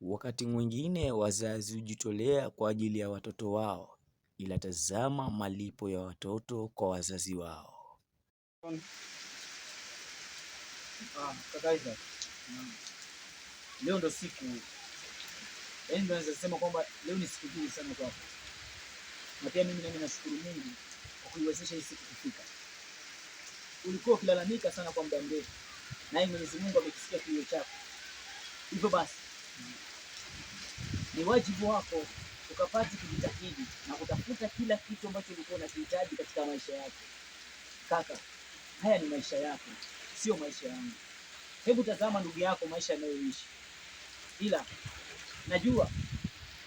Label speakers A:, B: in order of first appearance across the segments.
A: Wakati mwingine wazazi hujitolea kwa ajili ya watoto wao, ila tazama malipo ya watoto kwa wazazi wao. Ah, Leo ndo siku yaani, ndo naweza kusema kwamba leo ni siku nzuri sana kwako, na pia mimi nami nashukuru Mungu kwa kuiwezesha hii siku kufika. Ulikuwa ukilalamika sana kwa muda mrefu, naye Mwenyezi Mungu amekisikia kilio chako, hivyo basi ni wajibu wako ukapati kujitahidi na kutafuta kila kitu ambacho ulikuwa unakihitaji katika maisha yako. Kaka, haya ni maisha yako, sio maisha yangu. Hebu tazama ndugu yako maisha yanayoishi, ila najua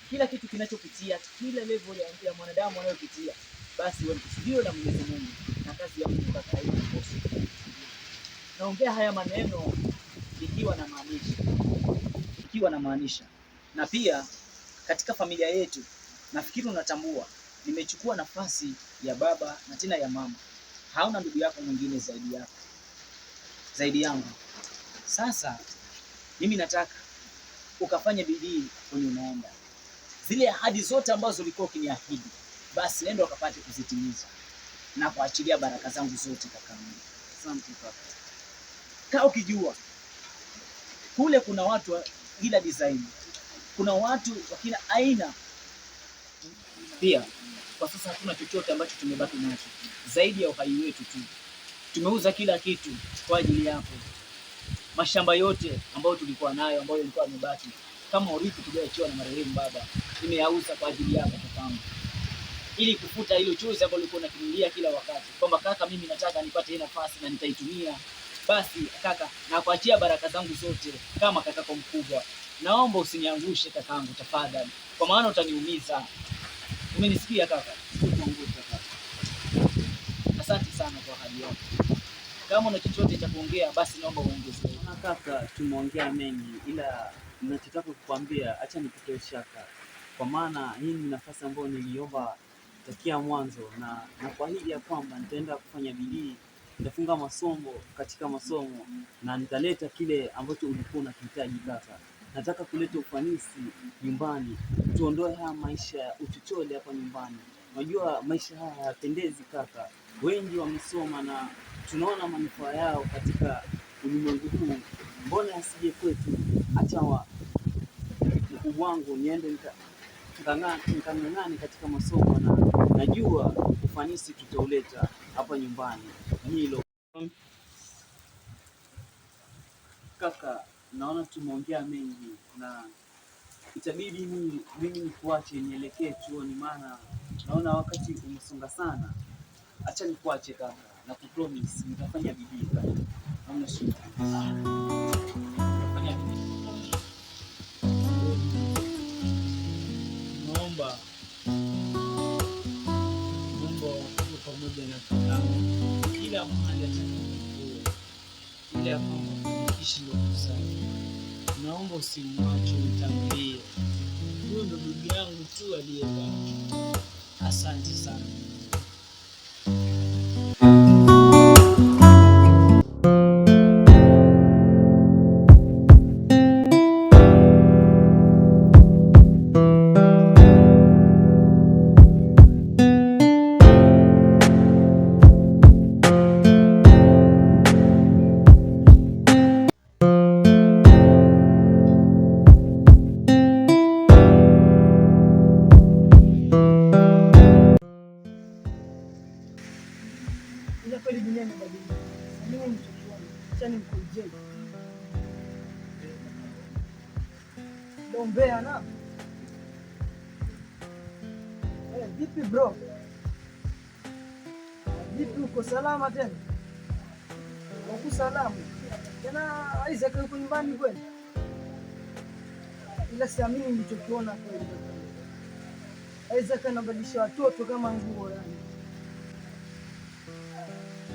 A: kila kitu kinachopitia, kila level ya mwanadamu anayopitia, basi wewe kusudio la Mwenyezi Mungu na kazi ya Mungu. Kaka, Naongea haya maneno ikiwa na maanisha, ikiwa na maanisha na pia katika familia yetu, nafikiri unatambua, nimechukua nafasi ya baba na tena ya mama. Hauna ndugu yako mwingine zaidi yako zaidi yangu. Sasa mimi nataka ukafanya bidii kwenye unaenda, zile ahadi zote ambazo ulikuwa ukiniahidi, basi nenda ukapate kuzitimiza na kuachilia baraka zangu zote kakaangu. Asante kaka. Kaa ukijua kule kuna watu ila design kuna watu wa kila aina. Pia kwa sasa hatuna chochote ambacho tumebaki nacho zaidi ya uhai wetu tu. Tumeuza kila kitu kwa ajili yako, mashamba yote ambayo tulikuwa nayo, ambayo yalikuwa yamebaki kama urithi tuliyoachiwa na marehemu baba, nimeyauza kwa ajili yako kakaangu, ili kufuta hilo chozi ambayo ulikuwa unakimilia kila wakati kwamba kaka, mimi nataka nipate hii nafasi na nitaitumia. Basi kaka, nakuachia baraka zangu zote kama kakako mkubwa naomba usiniangushe kakaangu, tafadhali, kwa maana utaniumiza. Umenisikia kaka? Asante sana kwa hali yako. Kama una chochote cha kuongea, basi naomba
B: Na Kaka, tumeongea mengi, ila ninachotaka kukwambia, acha nikutoe shaka, kwa maana hii ni nafasi ambayo niliomba takia mwanzo, na nakuahidi ya kwamba nitaenda kufanya bidii nitafunga masomo katika masomo na nitaleta kile ambacho ulikuwa unakihitaji kaka nataka kuleta ufanisi nyumbani, tuondoe haya maisha ya uchochole hapa nyumbani. Unajua maisha haya hayapendezi kaka, wengi wamesoma na tunaona manufaa yao katika ulimwengu huu, mbona asije kwetu? Achawa mkubwa wangu niende nkang'ang'ani katika masomo, na najua ufanisi tutauleta hapa nyumbani. Hilo kaka naona tumeongea mengi na itabidi mimi nikuache nielekee chuoni, maana naona wakati umesonga sana. Acha nikuache kaka, na kupromise nitafanya bidii kaka, hamna shida. usimwache utangulie. Huyo ndo ndugu yangu tu aliye
C: umbea na eh, vipi bro? Vipi, uko salama tena? Uko salama tena? Isaac yuko nyumbani kweli? Ila siamini nilichokiona kweli. Isaac anabadilisha watoto kama nguo yani.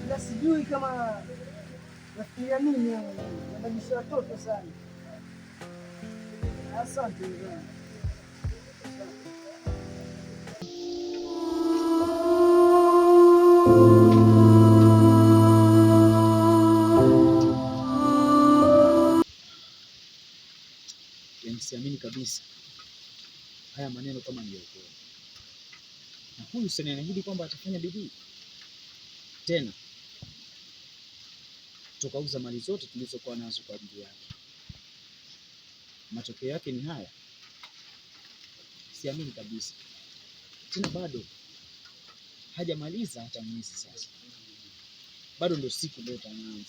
C: Ila sijui kama nafikiria nini, eh, anabadilisha watoto sana. Asante.
A: Siamini kabisa haya maneno kama ni ukweli, na huyu Sani anaahidi kwamba atafanya bidii tena, tukauza mali zote tulizokuwa nazo kwa ajili yake matokeo yake ni haya. Siamini kabisa tena, bado hajamaliza hata mwezi sasa, bado ndo siku leo tanaanza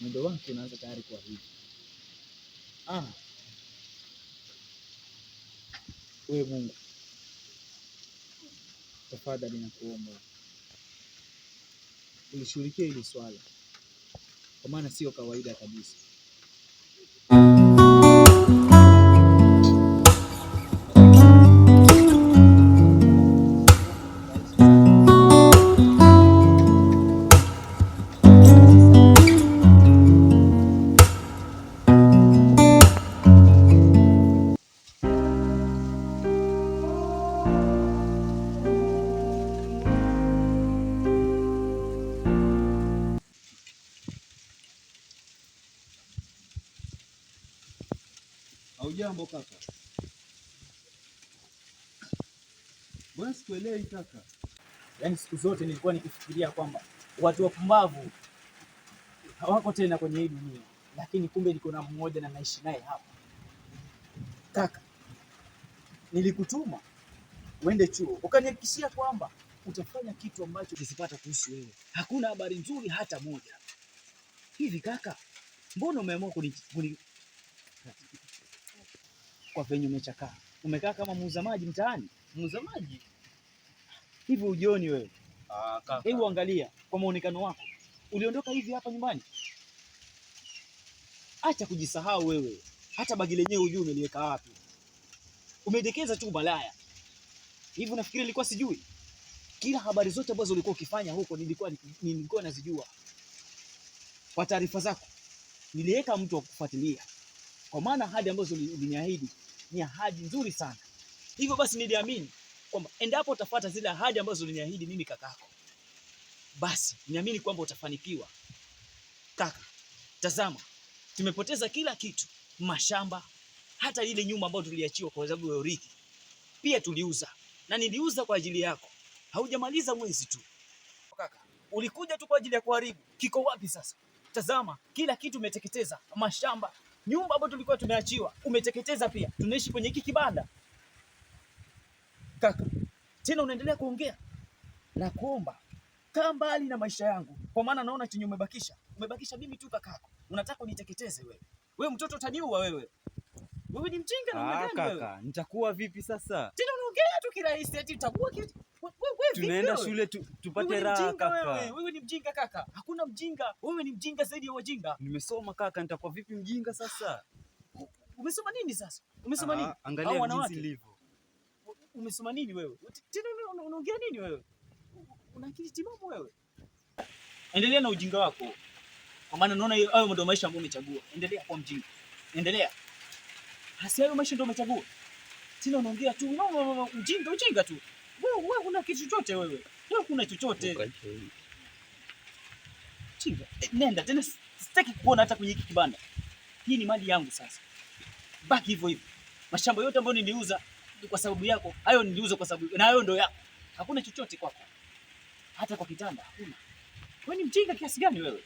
A: mwendo wake unaanza tayari kwa hivi. Ah, we Mungu tafadhali, nakuomba ulishughulikia hili swala, kwa maana sio kawaida kabisa.
D: Haujambo kaka? Mbona sikuelewi kaka?
A: Yaani siku zote nilikuwa nikifikiria kwamba watu wapumbavu hawako tena kwenye hii dunia, lakini kumbe niko na mmoja na naishi naye hapa. Kaka, nilikutuma uende chuo, ukanihakikishia kwamba utafanya kitu ambacho kisipata kuhusu wewe. Hakuna habari nzuri hata moja. Hivi kaka, mbona umeamua kwa venye umechakaa. Umekaa kama muuza maji mtaani, muuza maji hivi. Ujioni wewe?
D: Ah, Hebu
A: angalia kwa muonekano wako, uliondoka hivi hapa nyumbani? Acha kujisahau wewe, hata bagi lenyewe hujui umeliweka wapi, Umedekeza tu balaya hivi. Unafikiri nilikuwa sijui? Kila habari zote ambazo ulikuwa ukifanya huko nilikuwa nilikuwa nazijua. Kwa taarifa zako, niliweka mtu wa kufuatilia, kwa maana hadi ambazo uliniahidi ni ahadi nzuri sana. Hivyo basi niliamini kwamba endapo utafuata zile ahadi ambazo uliniahidi mimi kakako, basi niamini kwamba utafanikiwa. Kaka, tazama, tumepoteza kila kitu, mashamba, hata ile nyumba ambayo tuliachiwa kwa sababu ya urithi pia tuliuza, na niliuza kwa ajili yako. Haujamaliza mwezi tu kaka, ulikuja tu kwa ajili ya kuharibu. Kiko wapi sasa? Tazama, kila kitu umeteketeza, mashamba nyumba ambayo tulikuwa tumeachiwa umeteketeza pia, tunaishi kwenye hiki kibanda kaka. Tena unaendelea kuongea na kuomba, kaa mbali na maisha yangu, kwa maana naona chenye umebakisha, umebakisha mimi tu kakako. Unataka uniteketeze wewe? Wewe mtoto utaniua wewe, wewe ni mjinga na ah,
D: kaka. Nitakuwa vipi sasa?
A: Tena unaongea tu kirahisi eti utakuwa kitu
D: tunaenda shule tu, tupate raha kaka. Wewe,
A: ni mjinga kaka, hakuna mjinga, wewe ni mjinga zaidi ya wajinga.
D: Nimesoma kaka, nitakuwa vipi mjinga sasa?
A: Umesoma nini sasa? Umesoma ah, nini?
D: Angalia jinsi nilivyo.
A: Umesoma nini wewe? Tena unaongea nini wewe? Una akili timamu wewe? Endelea na ujinga wako, kwa maana naona hayo ndio maisha ambayo umechagua. Endelea kwa mjinga, endelea hasi, hayo maisha ndio umechagua. Tena unaongea tu unaongea ujinga ujinga tu wewe una kitu chochote wewe? Wewe kuna chochote? Chinga, eh, nenda tena, sitaki kuona hata kwenye hiki kibanda. Hii ni mali yangu sasa. Baki hivyo hivyo. Mashamba yote ambayo niliuza kwa sababu yako, hayo niliuza kwa sababu na hayo ndio yako. Hakuna chochote kwako. Hata kwa kitanda hakuna. Wewe ni mjinga kiasi gani wewe?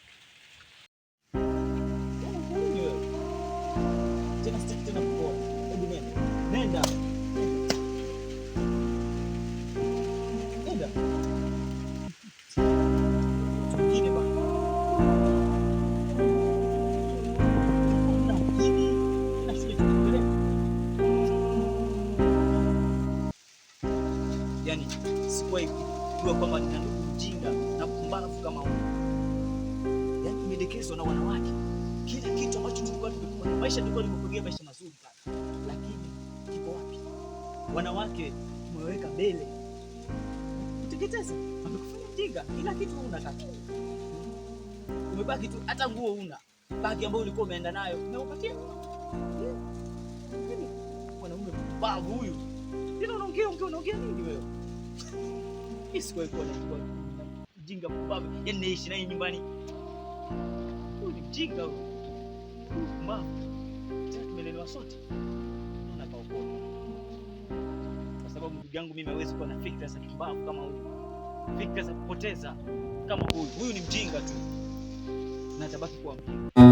A: kuwa hivi, kujua kwamba nina ndugu mjinga na mpumbavu kama huyu. Yaani umedekezwa na wanawake, kila kitu ambacho tulikuwa tumekuwa na maisha, tulikuwa tumekugia maisha mazuri kaka, lakini kiko wapi? Wanawake tumeweka mbele, uteketeza amekufanya mjinga, kila kitu una kaka, umebaki tu, hata nguo una baki ambayo ulikuwa umeenda nayo na upatie yaani, mwanaume mpumbavu huyu. Tena unaongea ongea, unaongea nini wewe? Mimi sikuwahi kuwa na mjinga mpumbavu. Yaani naishi naye nyumbani. Huyu ni mjinga huyu. tumelelewa sote. Naona kaokoka. Kwa sababu ndugu yangu mimi hawezi kuwa na fikra za kipumbavu kama huyu. Fikra za kupoteza kama huyu. Huyu ni mjinga tu. Na atabaki kuwa mjinga.